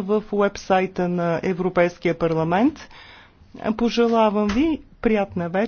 в уебсайта на Европейския парламент. Пожелавам ви приятна вечер.